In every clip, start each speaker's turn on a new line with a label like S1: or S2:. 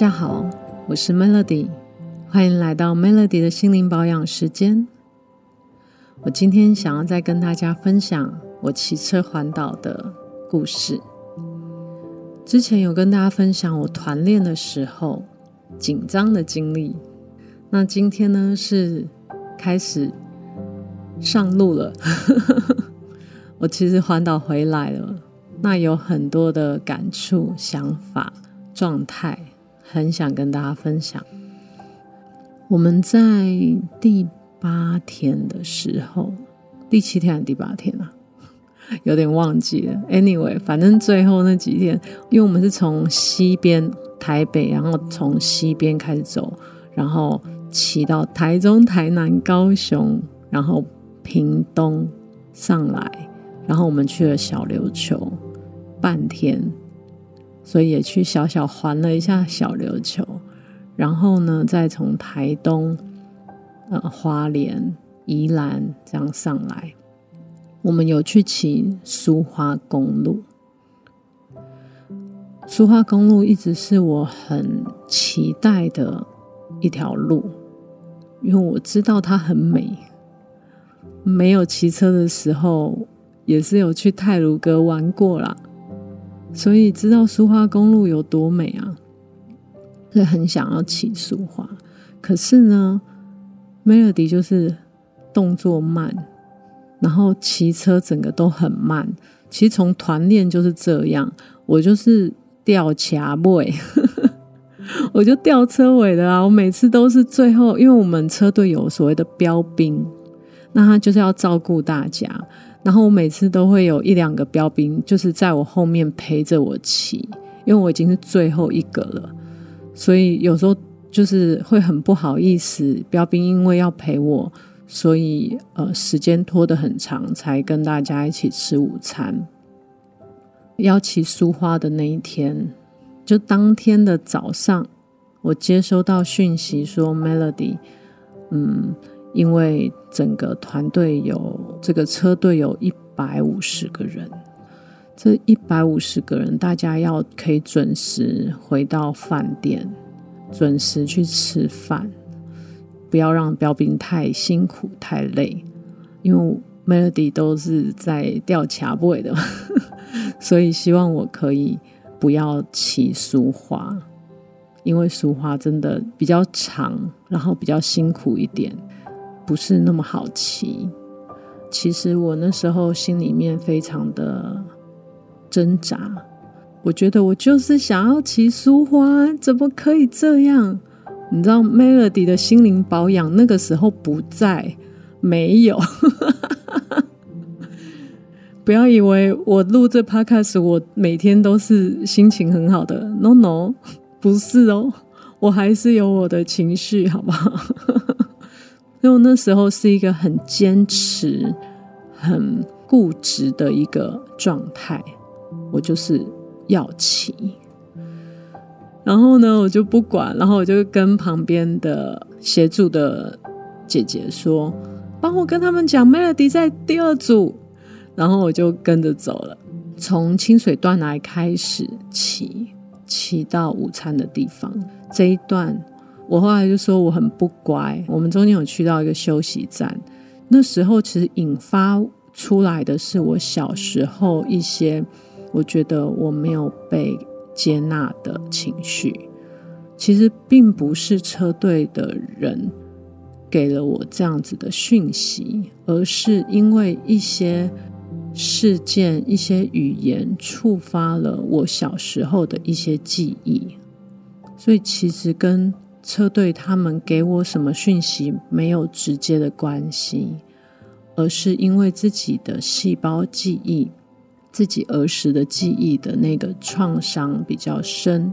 S1: 大家好，我是 Melody，歡迎來到 Melody 的心靈保養時間。我今天想要再跟大家分享我騎車環島的故事。之前有跟大家分享我團練的時候緊張的經歷，那今天呢是開始上路了。 我其實環島回來了，那有很多的感觸、想法、狀態。很想跟大家分享，我們在第八天的時候，第七天還是第八天啊，有點忘記了。Anyway，反正最後那幾天，因為我們是從西邊台北，然後從西邊開始走，然後騎到台中、台南、高雄，然後屏東上來，然後我們去了小琉球，半天。所以也去小小環了一下小琉球，然後呢，再從台東、呃花蓮、宜蘭這樣上來。我們有去騎蘇花公路，蘇花公路一直是我很期待的一條路，因為我知道它很美。沒有騎車的時候，也是有去太魯閣玩過啦。所以知道蘇花公路有多美啊，就很想要騎蘇花。可是呢，Melody 就是動作慢，然後騎車整個都很慢。其實從團練就是這樣，我就是吊卡位， 我就吊車尾的啦、啊。我每次都是最後，因為我們車隊有所謂的標兵，那他就是要照顧大家。然後我每次都會有一兩個標兵，就是在我後面陪着我騎，因為我已經是最後一個了，所以有時候就是會很不好意思。標兵因為要陪我，所以呃時間拖得很長，才跟大家一起吃午餐。要騎蘇花的那一天，就當天的早上，我接收到訊息說 Melody，嗯。因為整個團隊有這個車隊有一百五十個人，這一百五十個人大家要可以準時回到飯店，準時去吃飯，不要讓標兵太辛苦太累。因為 Melody 都是在吊卡位的，呵呵，所以希望我可以不要騎蘇花，因為蘇花真的比較長，然後比較辛苦一點。不是那麼好騎。其實我那時候心裡面非常的掙扎。我覺得我就是想要騎蘇花，怎麼可以這樣？你知道 Melody 的心靈保養那個時候不在，沒有。 不要以為我錄這 Podcast，我每天都是心情很好的。No no，不是哦，我還是有我的情緒，好不好？因為我那時候是一個很堅持、很固執的一個狀態，我就是要騎。然後呢，我就不管，然後我就跟旁邊的協助的姐姐說：“幫我跟他們講，Melody 在第二組。”然後我就跟着走了，從清水段來開始騎，騎、騎到午餐的地方這一段。我後來就說我很不乖。我們中間有去到一個休息站，那時候其實引發出來的是我小時候一些我覺得我沒有被接納的情緒。其實並不是車隊的人給了我這樣子的訊息，而是因為一些事件、一些語言觸發了我小時候的一些記憶。所以其實跟車隊他們給我什麼訊息沒有直接的關係，而是因為自己的細胞記憶，自己兒時的記憶的那個創傷比較深，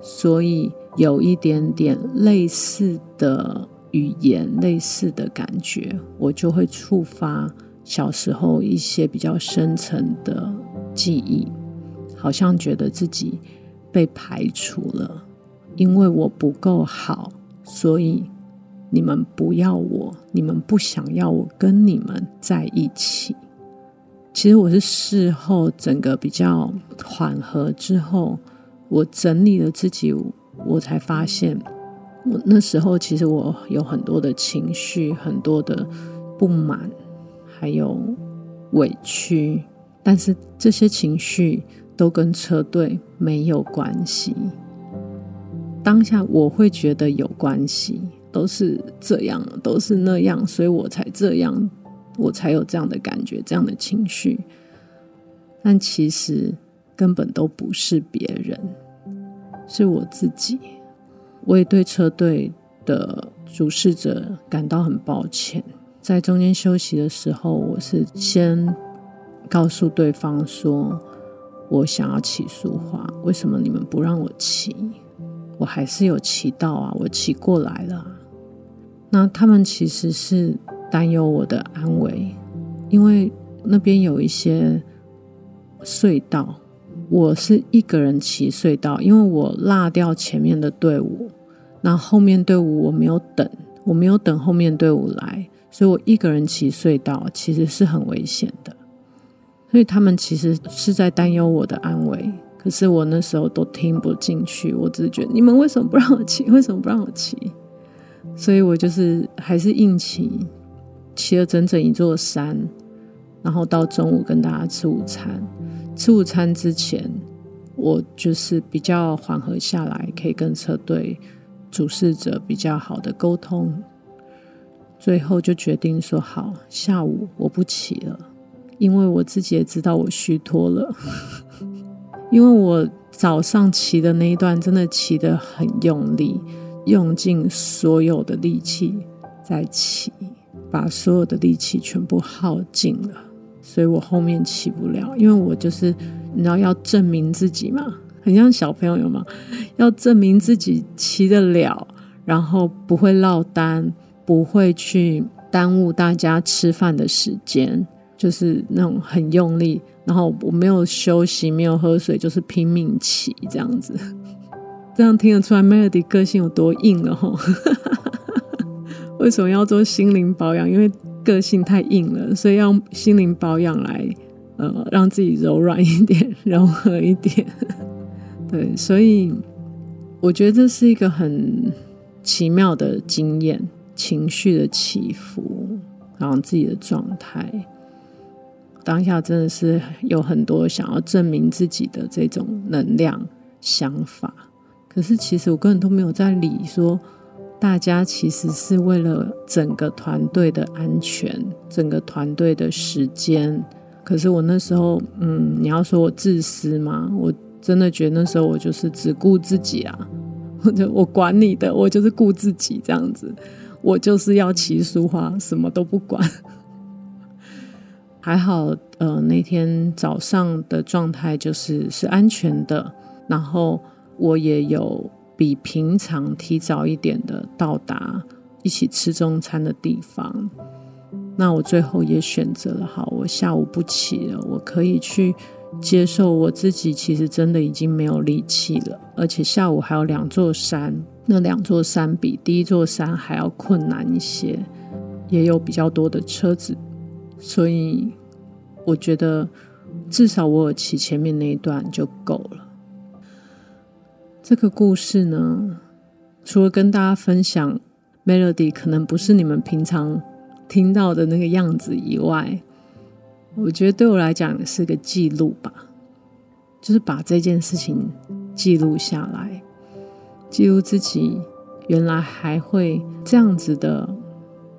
S1: 所以有一點點類似的語言，類似的感覺，我就會觸發小時候一些比較深層的記憶，好像覺得自己被排除了。因為我不夠好，所以你們不要我，你們不想要我跟你們在一起。其實我是事後整個比較緩和之後，我整理了自己，我才發現，我那時候其實我有很多的情緒，很多的不滿，還有委屈，但是這些情緒都跟車隊沒有關係。當下我會覺得有關係，都是這樣，都是那樣，所以我才這樣，我才有這樣的感覺，這樣的情緒。但其實根本都不是別人，是我自己。我也對車隊的主事者感到很抱歉。在中間休息的時候，我是先告訴對方說：“我想要騎蘇花，為什麼你們不讓我騎？”我還是有騎到啊，我騎過來了。那他們其實是擔憂我的安危，因為那邊有一些隧道，我是一個人騎隧道，因為我落掉前面的隊伍，那後，後面隊伍我沒有等，我沒有等後面隊伍來，所以我一個人騎隧道其實是很危險的，所以他們其實是在擔憂我的安危。可是我那時候都聽不進去，我只覺得你們為什麼不讓我騎？為什麼不讓我騎？所以我就是還是硬騎，騎了整整一座山，然後到中午跟大家吃午餐。吃午餐之前，我就是比較緩和下來，可以跟車隊主事者比較好的溝通。最後就決定說好，下午我不騎了，因為我自己也知道我虛脫了。因為我早上騎的那一段真的騎得很用力，用盡所有的力氣在騎，把所有的力氣全部耗盡了，所以我後面騎不了。因為我就是，你知道要證明自己嘛，很像小朋友嘛，要證明自己騎得了，然後不會落單，不會去耽誤大家吃飯的時間。就是那種很用力，然後我沒有休息，沒有喝水，就是拼命騎這樣子。這樣聽得出來，Melody 個性有多硬了齁。 為什麼要做心靈保養？因為個性太硬了，所以要用心靈保養來呃讓自己柔軟一點，柔和一點。對，所以我覺得這是一個很奇妙的經驗，情緒的起伏，然後自己的狀態。當下真的是有很多想要證明自己的這種能量想法，可是其實我根本都沒有在理說，大家其實是為了整個團隊的安全，整個團隊的時間。可是我那時候，嗯，你要說我自私嗎？我真的覺得那時候我就是只顧自己啊，或者我管你的，我就是顧自己這樣子，我就是要騎蘇花、啊，什麼都不管。還好，呃，那天早上的狀態就是是安全的，然後我也有比平常提早一點的到達一起吃中餐的地方。那我最後也選擇了好，我下午不騎了，我可以去接受我自己，其實真的已經沒有力氣了，而且下午還有兩座山，那兩座山比第一座山還要困難一些，也有比較多的車子。所以，我覺得至少我有騎前面那一段就夠了。這個故事呢，除了跟大家分享 Melody 可能不是你們平常聽到的那個樣子以外，我覺得對我來講也是個記錄吧，就是把這件事情記錄下來，記錄自己原來還會這樣子的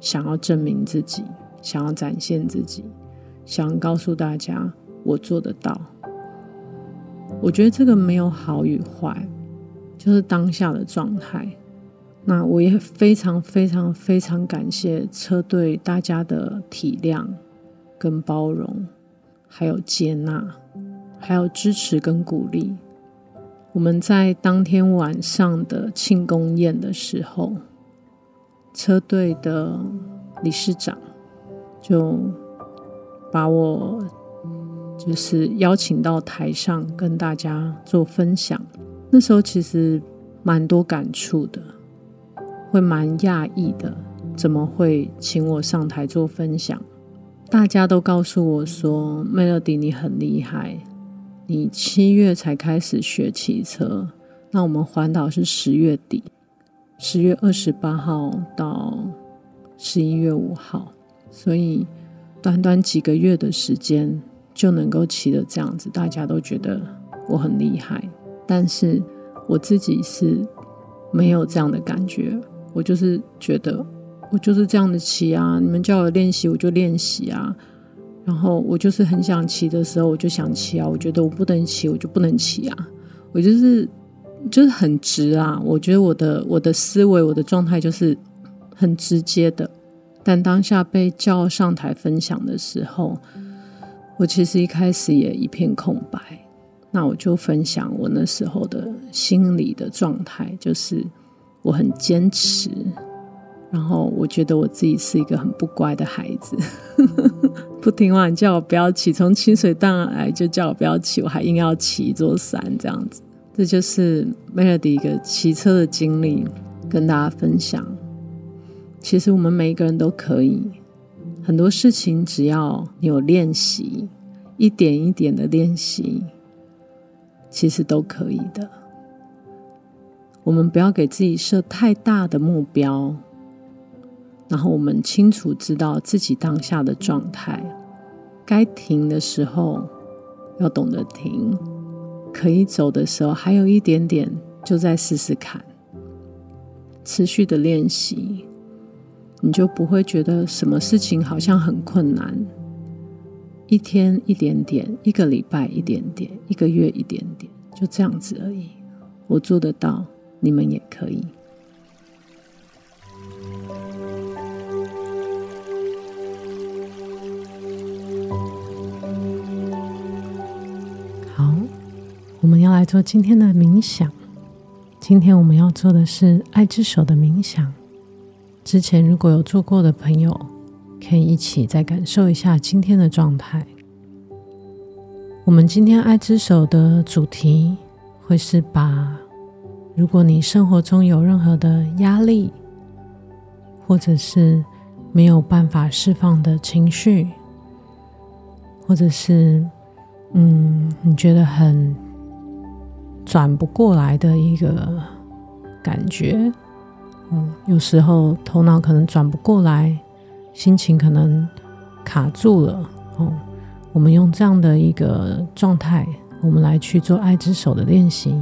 S1: 想要證明自己。想要展現自己，想告訴大家我做得到。我覺得這個沒有好與壞，就是當下的狀態。那我也非常非常非常感謝車隊大家的體諒跟包容，還有接納，還有支持跟鼓勵。我們在當天晚上的慶功宴的時候，車隊的理事長，就把我就是邀請到台上跟大家做分享。那時候其實蠻多感觸的，會蠻訝異的，怎麼會請我上台做分享？大家都告訴我說：“Melody，你很厲害，你七月才開始學騎車，那我們環島是十月底，十月二十八號到十一月五號。”所以，短短幾個月的時間就能夠騎的這樣子，大家都覺得我很厲害。但是我自己是沒有這樣的感覺，我就是覺得我就是這樣的騎啊。你們叫我練習，我就練習啊。然後我就是很想騎的時候，我就想騎啊。我覺得我不能騎，我就不能騎啊。我就是就是很直啊。我覺得我的我的思維，我的狀態就是很直接的。但當下被叫上台分享的時候，我其實一開始也一片空白。那我就分享我那時候的心理的狀態，就是我很堅持，然後我覺得我自己是一個很不乖的孩子， 不聽話，你叫我不要騎，從清水蕩來就叫我不要騎，我還硬要騎一座山，這樣子。這就是 Melody 一個騎車的經歷，跟大家分享。其實我們每一個人都可以，很多事情只要你有練習，一點一點的練習，其實都可以的。我們不要給自己設太大的目標，然後我們清楚知道自己當下的狀態，該停的時候要懂得停，可以走的時候還有一點點，就再試試看，持續的練習。你就不會覺得什麼事情好像很困難，一天一點點，一個禮拜一點點，一個月一點點，就這樣子而已。我做得到，你們也可以。好，我們要來做今天的冥想。今天我們要做的是愛之手的冥想。之前如果有做過的朋友，可以一起再感受一下今天的狀態。我們今天愛之手的主題會是把，如果你生活中有任何的壓力，或者是沒有辦法釋放的情緒，或者是嗯，你覺得很轉不過來的一個感覺。嗯，有時候頭腦可能轉不過來，心情可能卡住了哦。我們用這樣的一個狀態，我們來去做愛之手的練習。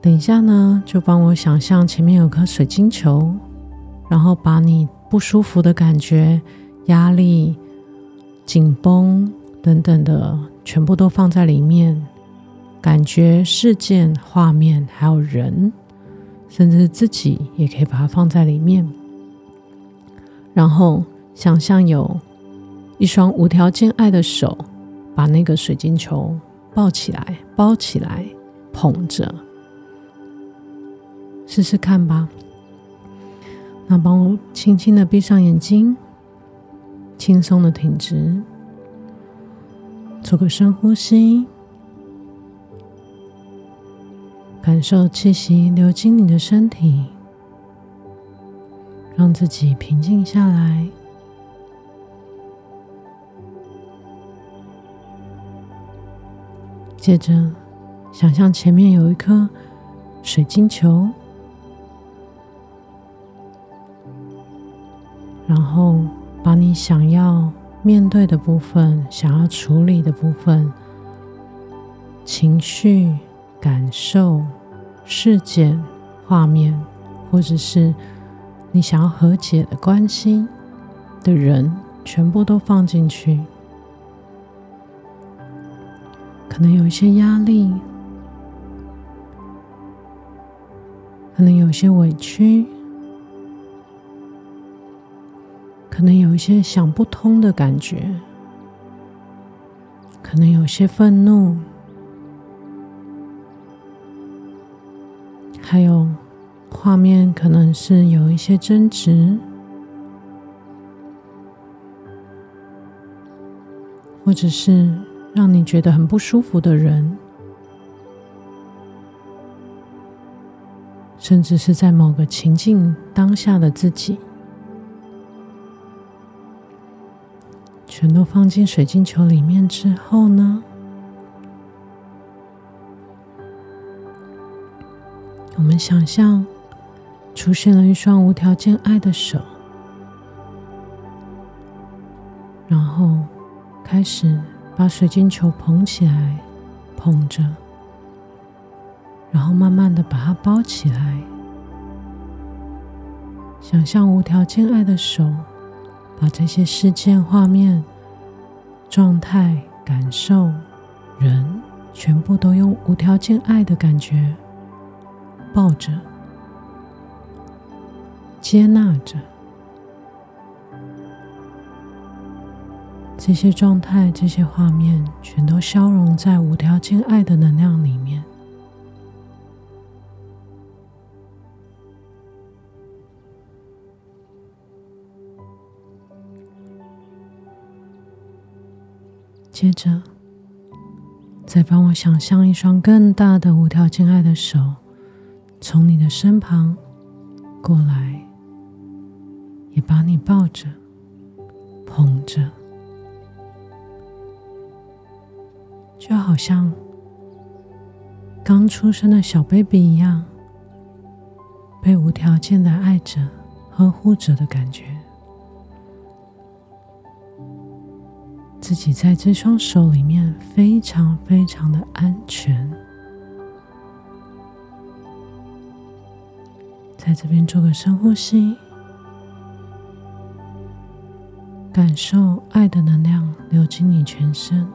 S1: 等一下呢，就幫我想象前面有顆水晶球，然後把你不舒服的感覺、壓力、緊繃等等的，全部都放在裡面。感覺、事件、畫面，還有人，甚至自己，也可以把它放在裡面。然後想象有一雙無條件愛的手，把那個水晶球抱起來、抱起來、捧着，試試看吧。那幫我輕輕的閉上眼睛，輕鬆的挺直，做個深呼吸。感受氣息流進你的身體，讓自己平靜下來。接着，想象前面有一顆水晶球，然後把你想要面對的部分、想要處理的部分、情緒、感受。事件、畫面，或者是你想要和解的關係的人，全部都放進去。可能有一些壓力，可能有些委屈，可能有一些想不通的感覺，可能有些憤怒。還有，畫面可能是有一些爭執，或者是讓你覺得很不舒服的人，甚至是在某個情境當下的自己，全都放進水晶球裡面之後呢，我們想象出現了一雙無條件愛的手，然後開始把水晶球捧起來，捧着，然後慢慢的把它包起來。想象無條件愛的手，把這些事件、畫面、狀態、感受、人，全部都用無條件愛的感覺。抱着，接納着這些狀態，這些畫面全都消融在無條件愛的能量裡面。接着，再幫我想象一雙更大的無條件愛的手。從你的身旁過來，也把你抱着、捧着，就好像剛出生的小 baby 一樣，被無條件的愛着、呵護着的感覺，自己在這雙手裡面非常非常的安全。在這邊做個深呼吸，感受愛的能量流進你全身，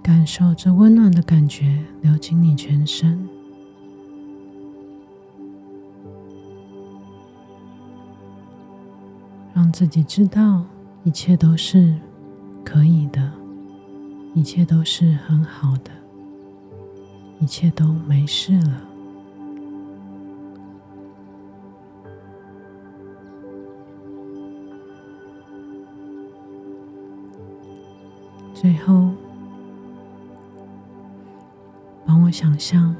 S1: 感受這溫暖的感覺流進你全身，讓自己知道一切都是可以的。一切都是很好的，一切都沒事了。最後，幫我想象，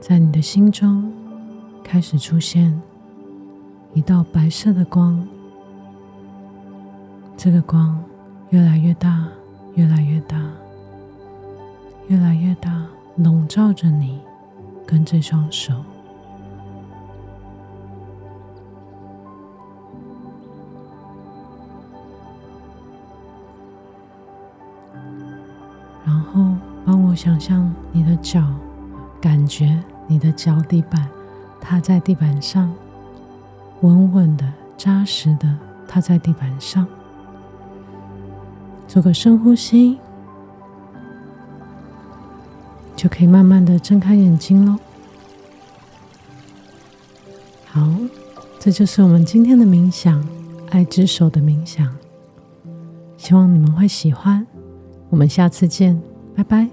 S1: 在你的心中開始出現一道白色的光，這個光越來越大。越來越大，越來越大，籠罩着你跟這雙手。然後幫我想象你的腳，感覺你的腳底板踏在地板上，穩穩的、紮實的踏在地板上。做個深呼吸，就可以慢慢的睜開眼睛嘍。好，這就是我們今天的冥想，愛之手的冥想。希望你們會喜歡。我們下次見，拜拜。